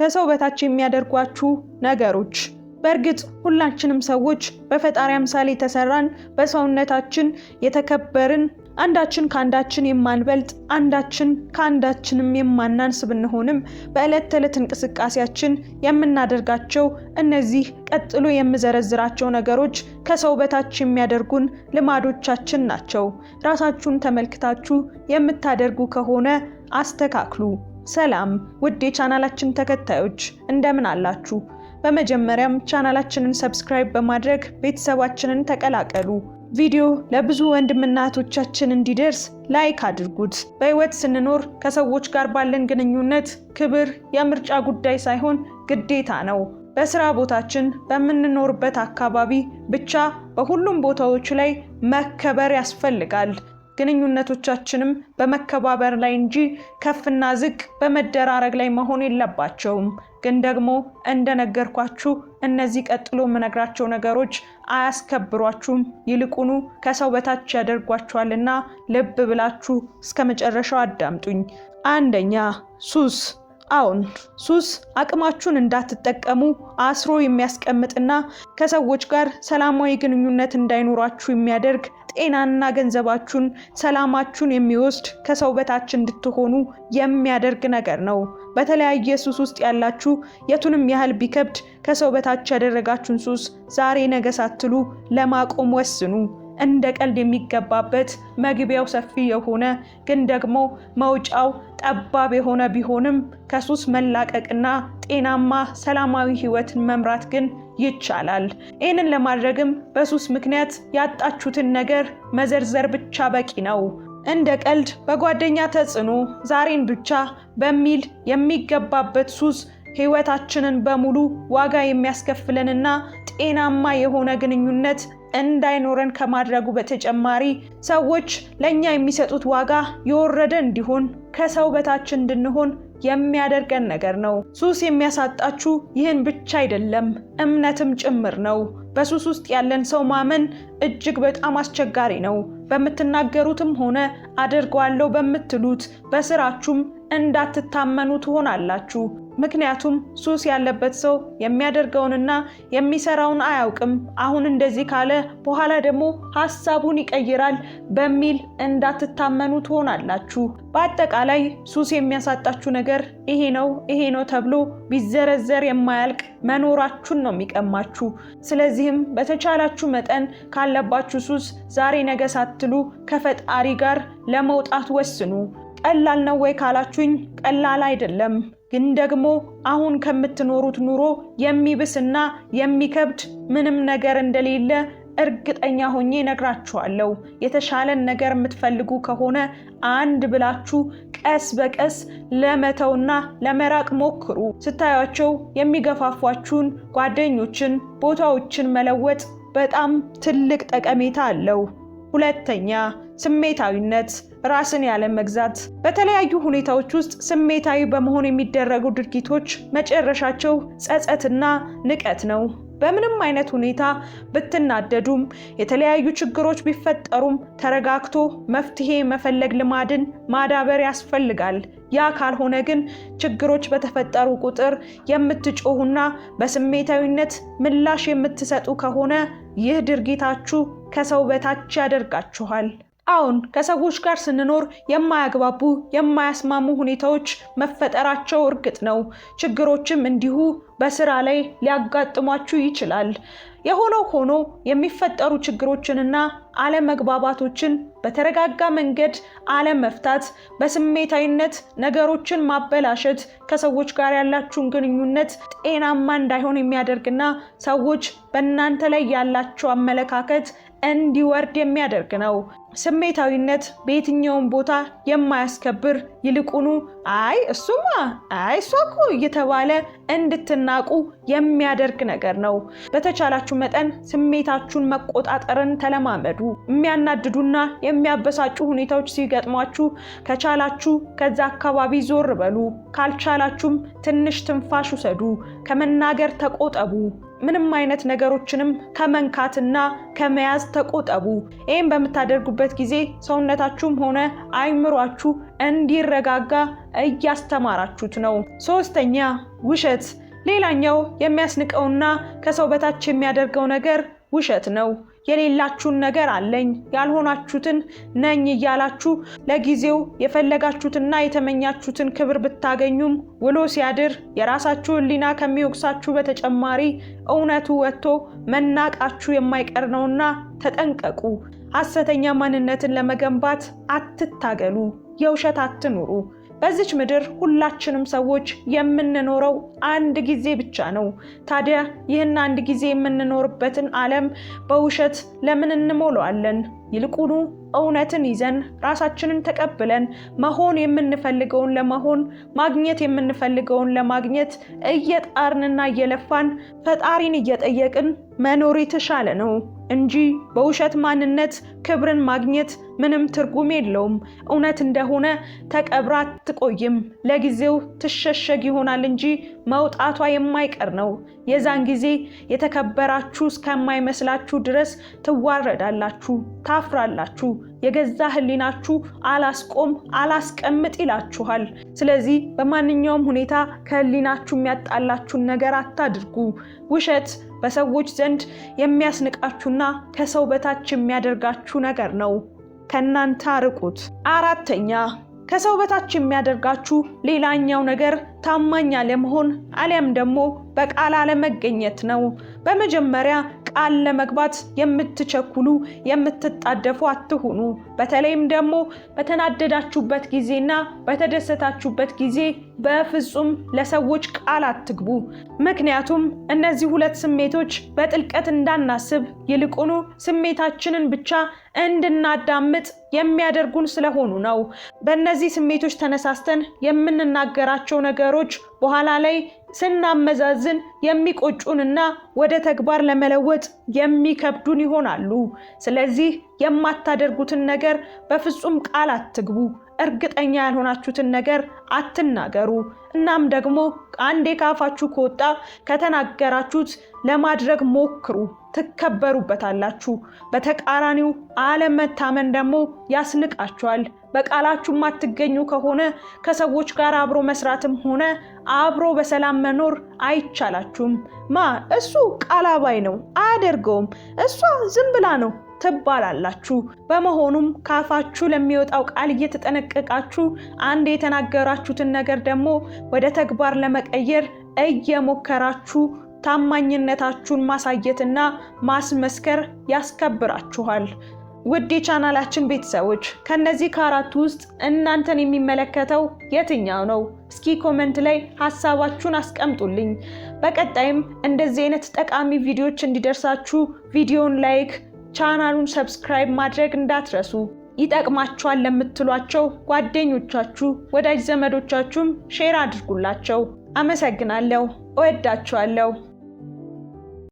ከሰው በታች የሚያደርጓችሁ ነገሮች። በእርግጥ ሁላችንም ሰዎች በፈጣሪ አምሳሌ የተሰራን በሰውነታችን የተከበርን አንዳችን ከአንዳችን የማንበልጥ አንዳችን ከአንዳችንም የማናንስ ብንሆንም በዕለት ተዕለት እንቅስቃሴያችን የምናደርጋቸው እነዚህ ቀጥሎ የምዘረዝራቸው ነገሮች ከሰው በታች የሚያደርጉን ልማዶቻችን ናቸው። ራሳችሁን ተመልክታችሁ የምታደርጉ ከሆነ አስተካክሉ። ሰላም ውድ የቻናላችን ተከታዮች እንደምን አላችሁ? በመጀመሪያም ቻናላችንን ሰብስክራይብ በማድረግ ቤተሰባችንን ተቀላቀሉ። ቪዲዮ ለብዙ ወንድምና እህቶቻችን እንዲደርስ ላይክ አድርጉት። በህይወት ስንኖር ከሰዎች ጋር ባለን ግንኙነት ክብር የምርጫ ጉዳይ ሳይሆን ግዴታ ነው። በስራ ቦታችን፣ በምንኖርበት አካባቢ ብቻ በሁሉም ቦታዎች ላይ መከበር ያስፈልጋል። ግንኙነቶቻችንም በመከባበር ላይ እንጂ ከፍና ዝቅ በመደራረግ ላይ መሆን የለባቸውም። ግን ደግሞ እንደነገርኳችሁ እነዚህ ቀጥሎ የምነግራቸው ነገሮች አያስከብሯችሁም፣ ይልቁኑ ከሰው በታች ያደርጓችኋልና ልብ ብላችሁ እስከ መጨረሻው አዳምጡኝ። አንደኛ ሱስ አሁን ሱስ አቅማችሁን እንዳትጠቀሙ አስሮ የሚያስቀምጥና ከሰዎች ጋር ሰላማዊ ግንኙነት እንዳይኖራችሁ የሚያደርግ ጤናና ገንዘባችሁን፣ ሰላማችሁን የሚወስድ ከሰው በታች እንድትሆኑ የሚያደርግ ነገር ነው። በተለያየ ሱስ ውስጥ ያላችሁ የቱንም ያህል ቢከብድ ከሰው በታች ያደረጋችሁን ሱስ ዛሬ ነገ ሳትሉ ለማቆም ወስኑ። እንደ ቀልድ የሚገባበት መግቢያው ሰፊ የሆነ ግን ደግሞ መውጫው ጠባብ የሆነ ቢሆንም ከሱስ መላቀቅና ጤናማ ሰላማዊ ህይወትን መምራት ግን ይቻላል። ይህንን ለማድረግም በሱስ ምክንያት ያጣችሁትን ነገር መዘርዘር ብቻ በቂ ነው። እንደ ቀልድ፣ በጓደኛ ተጽዕኖ፣ ዛሬን ብቻ በሚል የሚገባበት ሱስ ህይወታችንን በሙሉ ዋጋ የሚያስከፍለንና ጤናማ የሆነ ግንኙነት እንዳይኖረን ከማድረጉ በተጨማሪ ሰዎች ለእኛ የሚሰጡት ዋጋ የወረደ እንዲሆን ከሰው በታች እንድንሆን የሚያደርገን ነገር ነው። ሱስ የሚያሳጣችሁ ይህን ብቻ አይደለም፣ እምነትም ጭምር ነው። በሱስ ውስጥ ያለን ሰው ማመን እጅግ በጣም አስቸጋሪ ነው። በምትናገሩትም ሆነ አድርገዋለሁ በምትሉት በስራችሁም እንዳትታመኑ ትሆናላችሁ። ምክንያቱም ሱስ ያለበት ሰው የሚያደርገውንና የሚሰራውን አያውቅም። አሁን እንደዚህ ካለ በኋላ ደግሞ ሀሳቡን ይቀይራል በሚል እንዳትታመኑ ትሆናላችሁ። በአጠቃላይ ሱስ የሚያሳጣችሁ ነገር ይሄ ነው ይሄ ነው ተብሎ ቢዘረዘር የማያልቅ መኖራችሁን ነው የሚቀማችሁ። ስለዚህም በተቻላችሁ መጠን ካለባችሁ ሱስ ዛሬ ነገ ሳትሉ ከፈጣሪ ጋር ለመውጣት ወስኑ። ቀላል ነው ወይ ካላችሁኝ፣ ቀላል አይደለም። ግን ደግሞ አሁን ከምትኖሩት ኑሮ የሚብስና የሚከብድ ምንም ነገር እንደሌለ እርግጠኛ ሆኜ ነግራችኋለሁ። የተሻለን ነገር የምትፈልጉ ከሆነ አንድ ብላችሁ ቀስ በቀስ ለመተውና ለመራቅ ሞክሩ። ስታያቸው የሚገፋፏችሁን ጓደኞችን፣ ቦታዎችን መለወጥ በጣም ትልቅ ጠቀሜታ አለው። ሁለተኛ ስሜታዊነት፣ ራስን ያለ መግዛት። በተለያዩ ሁኔታዎች ውስጥ ስሜታዊ በመሆን የሚደረጉ ድርጊቶች መጨረሻቸው ጸጸትና ንቀት ነው። በምንም አይነት ሁኔታ ብትናደዱም የተለያዩ ችግሮች ቢፈጠሩም ተረጋግቶ መፍትሄ መፈለግ ልማድን ማዳበር ያስፈልጋል። ያ ካልሆነ ግን ችግሮች በተፈጠሩ ቁጥር የምትጮሁና በስሜታዊነት ምላሽ የምትሰጡ ከሆነ ይህ ድርጊታችሁ ከሰው በታች ያደርጋችኋል። አሁን ከሰዎች ጋር ስንኖር የማያግባቡ የማያስማሙ ሁኔታዎች መፈጠራቸው እርግጥ ነው። ችግሮችም እንዲሁ በስራ ላይ ሊያጋጥሟችሁ ይችላል። የሆነው ሆኖ የሚፈጠሩ ችግሮችንና አለመግባባቶችን በተረጋጋ መንገድ አለመፍታት፣ በስሜታዊነት ነገሮችን ማበላሸት ከሰዎች ጋር ያላችሁን ግንኙነት ጤናማ እንዳይሆን የሚያደርግና ሰዎች በእናንተ ላይ ያላቸው አመለካከት እንዲወርድ የሚያደርግ ነው። ስሜታዊነት በየትኛውም ቦታ የማያስከብር ይልቁኑ አይ እሱማ አይ እሷ እኮ እየተባለ እንድትናቁ የሚያደርግ ነገር ነው። በተቻላችሁ መጠን ስሜታችሁን መቆጣጠርን ተለማመዱ። የሚያናድዱና የሚያበሳጩ ሁኔታዎች ሲገጥሟችሁ ከቻላችሁ ከዛ አካባቢ ዞር በሉ። ካልቻላችሁም ትንሽ ትንፋሽ ውሰዱ። ከመናገር ተቆጠቡ። ምንም አይነት ነገሮችንም ከመንካትና ከመያዝ ተቆጠቡ። ይህም በምታደርጉበት ጊዜ ሰውነታችሁም ሆነ አይምሯችሁ እንዲረጋጋ እያስተማራችሁት ነው። ሶስተኛ ውሸት። ሌላኛው የሚያስንቀውና ከሰው በታች የሚያደርገው ነገር ውሸት ነው። የሌላችሁን ነገር አለኝ ያልሆናችሁትን ነኝ እያላችሁ ለጊዜው የፈለጋችሁትና የተመኛችሁትን ክብር ብታገኙም ውሎ ሲያድር የራሳችሁ ሕሊና ከሚወቅሳችሁ በተጨማሪ እውነቱ ወጥቶ መናቃችሁ የማይቀር ነውና ተጠንቀቁ። ሐሰተኛ ማንነትን ለመገንባት አትታገሉ። የውሸት አትኑሩ። በዚች ምድር ሁላችንም ሰዎች የምንኖረው አንድ ጊዜ ብቻ ነው። ታዲያ ይህን አንድ ጊዜ የምንኖርበትን ዓለም በውሸት ለምን እንሞላዋለን? ይልቁኑ እውነትን ይዘን ራሳችንን ተቀብለን መሆን የምንፈልገውን ለመሆን ማግኘት የምንፈልገውን ለማግኘት እየጣርንና እየለፋን ፈጣሪን እየጠየቅን መኖር የተሻለ ነው። እንጂ በውሸት ማንነት ክብርን ማግኘት ምንም ትርጉም የለውም። እውነት እንደሆነ ተቀብራ አትቆይም። ለጊዜው ትሸሸግ ይሆናል እንጂ መውጣቷ የማይቀር ነው። የዛን ጊዜ የተከበራችሁ እስከማይመስላችሁ ድረስ ትዋረዳላችሁ፣ ታፍራላችሁ። የገዛ ህሊናችሁ አላስቆም አላስቀምጥ ይላችኋል። ስለዚህ በማንኛውም ሁኔታ ከህሊናችሁ የሚያጣላችሁን ነገር አታድርጉ። ውሸት በሰዎች ዘንድ የሚያስንቃችሁና ከሰው በታች የሚያደርጋችሁ ነገር ነው። ከእናንተ አርቁት። አራተኛ ከሰው በታች የሚያደርጋችሁ ሌላኛው ነገር ታማኝ አለመሆን አሊያም ደግሞ በቃል አለመገኘት ነው። በመጀመሪያ ቃል ለመግባት የምትቸኩሉ የምትጣደፉ አትሁኑ። በተለይም ደግሞ በተናደዳችሁበት ጊዜና በተደሰታችሁበት ጊዜ በፍጹም ለሰዎች ቃል አትግቡ። ምክንያቱም እነዚህ ሁለት ስሜቶች በጥልቀት እንዳናስብ ይልቁኑ ስሜታችንን ብቻ እንድናዳምጥ የሚያደርጉን ስለሆኑ ነው። በእነዚህ ስሜቶች ተነሳስተን የምንናገራቸው ነገሮች በኋላ ላይ ስናመዛዝን የሚቆጩንና ወደ ተግባር ለመለወጥ የሚከብዱን ይሆናሉ። ስለዚህ የማታደርጉትን ነገር በፍጹም ቃል አትግቡ። እርግጠኛ ያልሆናችሁትን ነገር አትናገሩ። እናም ደግሞ አንዴ ካፋችሁ ከወጣ ከተናገራችሁት ለማድረግ ሞክሩ፣ ትከበሩበታላችሁ። በተቃራኒው አለመታመን ደግሞ ያስንቃችኋል። በቃላችሁ ማትገኙ ከሆነ ከሰዎች ጋር አብሮ መስራትም ሆነ አብሮ በሰላም መኖር አይቻላችሁም። ማ እሱ ቃላባይ ነው አያደርገውም፣ እሷ ዝም ብላ ነው ትባላላችሁ። በመሆኑም ካፋችሁ ለሚወጣው ቃል እየተጠነቀቃችሁ አንድ የተናገራችሁትን ነገር ደግሞ ወደ ተግባር ለመቀየር እየሞከራችሁ ታማኝነታችሁን ማሳየትና ማስመስከር ያስከብራችኋል። ውድ የቻናላችን ቤተሰቦች ከነዚህ ከአራቱ ውስጥ እናንተን የሚመለከተው የትኛው ነው? እስኪ ኮመንት ላይ ሀሳባችሁን አስቀምጡልኝ። በቀጣይም እንደዚህ አይነት ጠቃሚ ቪዲዮዎች እንዲደርሳችሁ ቪዲዮን ላይክ ቻናሉን ሰብስክራይብ ማድረግ እንዳትረሱ። ይጠቅማችኋል ለምትሏቸው ጓደኞቻችሁ፣ ወዳጅ ዘመዶቻችሁም ሼር አድርጉላቸው። አመሰግናለሁ። እወዳችኋለሁ።